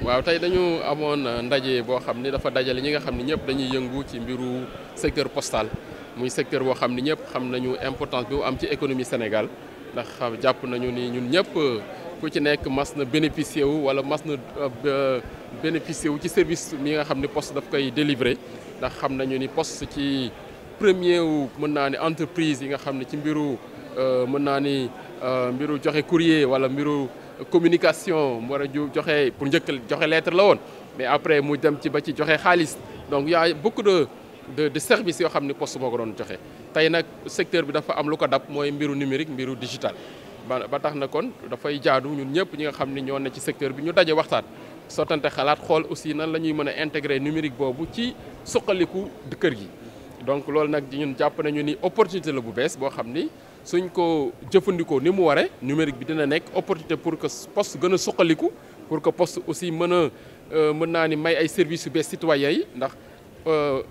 waaw tey dañu amoon euh, ndaje boo xam ni dafa dajale ñi nga xam ni ñëpp dañuy yëngu ci mbiru secteur postal muy secteur boo xam ni ñëpp xam nañu importance bi mu am ci économie Sénégal ndax jàpp nañu ni ñun ñëpp euh, ku ci nekk mas na wu wala mas na euh, bénéficier wu ci service mi nga xam ni post daf koy délivrer ndax xam nañu ni post ci premier wu mën naa ni entreprise yi nga xam ni ci mbiru mën naa ni mbiru joxe courrier wala mbiru. communication mu war a ju joxe pour njëkkal joxe leetre la woon mais après mu dem ci ba ci joxe xaalis donc y a beaucoup de de de services yoo xam ne poste boo ko doon joxe. tey nag secteur bi dafa am lu ko dab mooy mbiru numérique mbiru digital ba ba tax na kon dafay jaadu ñun ñëpp ñi nga xam ni ñoo ne ci secteur bi ñu daje waxtaan. sottante xalaat xool aussi nan la ñuy mën a intégrer numérique boobu ci suqaliku kër gi donc loolu nag ñun jàpp nañu ni opportunité la bu bees boo xam ni. suñ ko jëfandikoo ni mu waree numérique bi dina nekk opportunité pour que poste gën a suqaliku pour que poste aussi mën a euh, mën naa ni may ay services yu bees citoyens yi ndax euh,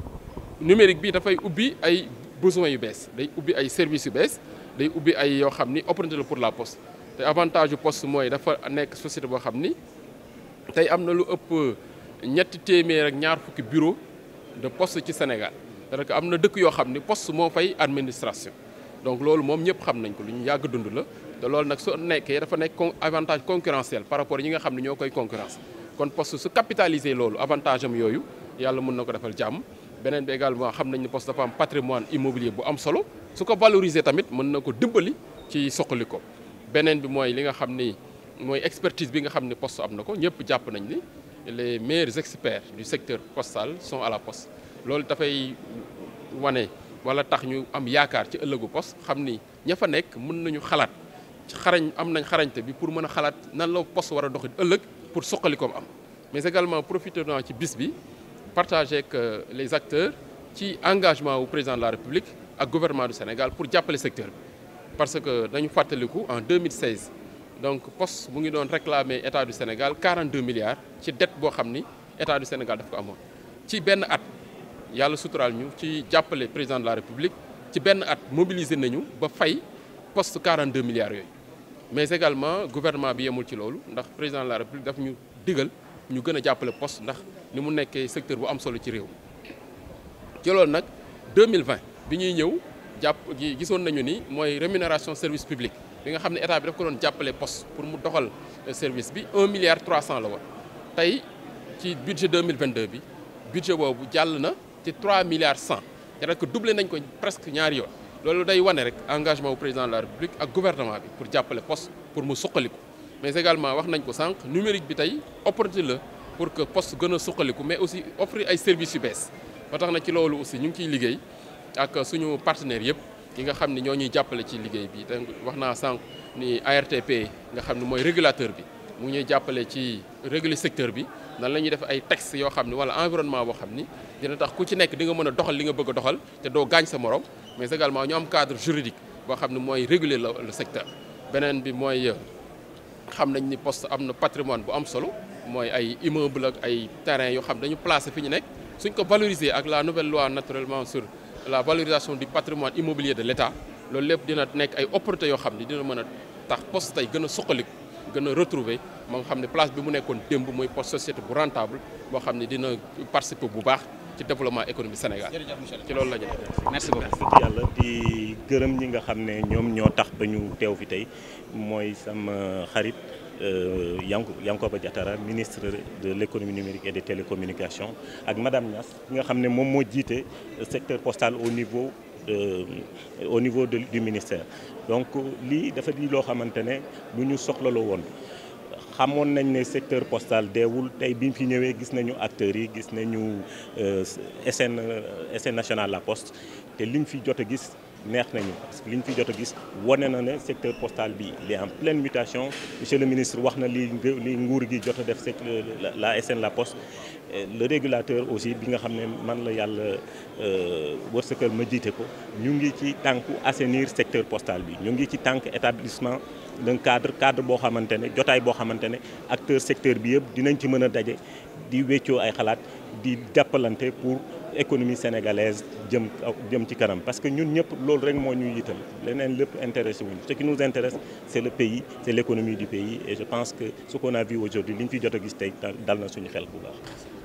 numérique bi dafay ubbi ay besoins yu bees day ubbi ay service yu bees day ubbi ay yoo xam ni opportunité la pour la poste te avantage yu poste mooy dafa nekk société boo xam ni tey am na lu ëpp ñetti téeméer ak ñaar fukki bureau de post ci Sénégal cest à am na dëkk yoo xam ni poste moo fay administration donc loolu moom ñëpp xam nañ ko lu ñu yàgg dund la te loolu nag soo nekkee dafa nekk avantage concurrentiel par rapport ñi nga xam ne ñoo koy concurrence kon poste su capitaliser loolu avantage am yooyu yàlla mun na ko defal jàmm beneen bi également xam nañ ne poste dafa am patrimoine immobilier bu am solo su ko valoriser tamit mën na ko dimbali ci soqali ko beneen bi mooy li nga xam ni mooy expertise bi nga xam ne post am na ko ñëpp jàpp nañ ni les meilleurs experts du secteur postal sont à la poste loolu dafay wane wala tax ñu am yaakaar ci ëllëgu poste xam ni ña fa nekk mën nañu xalaat xarañ am nañ xarañte bi pour mën a xalaat nan la post war a doxit ëllëg pour suqalikoom am mais également profité naa ci bis bi partagé ak euh, les acteurs ci engagement wu président de la République ak gouvernement du Sénégal pour jàppale secteur bi parce que dañu fàttaliku en 2016 donc poste mu ngi doon réclamer état du Sénégal 42 milliards ci dette boo xam ni état du Sénégal daf amoon ci benn at yàlla suturaal ñu ci jàppale président de la république ci benn at mobilisé nañu ba fay poste 42 milliards yooyu mais également gouvernement bi yemul ci loolu ndax président de la république daf ñu digal ñu gën a jàppale post ndax ni mu nekkee secteur bu am solo ci réew ci loolu nag 2020 bi ñuy ñëw jàpp gisoon nañu ni mooy rémunération service publique bi nga xam ne état bi daf ko doon jàppale poste pour mu doxal euh, service bi 1 milliard 300 la woon tey ci budget 2022 bi budget boobu jàll na ci 3 milliards cent cest à nañ ko presque ñaari yoon loolu day wane rek engagement wu président de la république ak gouvernement bi pour jàppale poste pour mu suqaliku mais également wax nañ ko sànq numérique bi tey opportunité la pour que poste gën a suqaliku mais aussi offrir ay service yu bees ba tax na ci loolu aussi ñu ciy liggéey ak suñu partenaires yëpp ki nga xam ni ñoo ñuy jàppale ci liggéey bi te wax naa sànq ni ARTP nga xam ne mooy régulateur bi mu ñuy jàppale ci réguler secteur bi nan la ñuy def ay texte yoo xam ni wala environnement boo xam ni dina tax ku ci nekk dinga nga a doxal li nga bëgg doxal te doo gaañ sa morom mais également ñu am cadre juridique boo xam ni mooy réguler le secteur beneen bi mooy euh, xam nañ ni poste am na patrimoine bu am solo mooy ay immeuble ak ay terrain yoo xam dañu place fi ñu nekk suñ ko valoriser ak la nouvelle loi naturellement sur la valorisation du patrimoine immobilier de l'État loolu lépp dina nekk ay opportunités yoo xam ni dina mën a tax poste tey gën a suqaliku gën a retrouver ma xam ne place bi mu nekkoon démb mooy poste société bu rentable boo xam ne dina participer bu baax ci développement économique Sénégal ci loolu la ñu merci beaucoup yàlla di gërëm ñi nga xam ne ñoom ñoo tax ba ñu teew fi tey mooy sama xarit euh, Yankou Yankhoba Diattara ministre de l' économie numérique et des télécommunications ak madame Niass nga xam ne moom moo jiite secteur postal au niveau Euh, au niveau de du ministère donc lii dafa di loo xamante ne lu ñu soxlaloo woon xamoon nañ ne secteur postal deewul tey bi ñu fi ñëwee gis nañu acteurs yi gis nañu euh, SN SN national la post te li liñ fi jot a gis neex nañu parce que li ñu fi jot a gis wane na ne secteur postal bi il est en pleine mutation monsieur ministre wax na li li nguur gi jot a def euh, la SN La Poste le régulateur aussi bi nga xam ne man la yàlla euh, wërsëgal ma jiite ko ñu ngi ci tànku assainir secteur postal bi ñu ngi ci tànk établissement d'un cadre cadre boo xamante ne jotaay boo xamante ne acteur secteur bi yëpp dinañ ci mën a daje di weccoo ay xalaat di jàppalante pour économie sénégalaise jëm jëm ci kanam parce que ñun ñëpp loolu rek moo ñu yital leneen lépp intéressé wuñu ce qui nous intéresse c' est le pays c' est l' économie du pays et je pense que ce qu'on a vu aujourd'hui li ñu fi jot a gis tey dal na suñu xel bu baax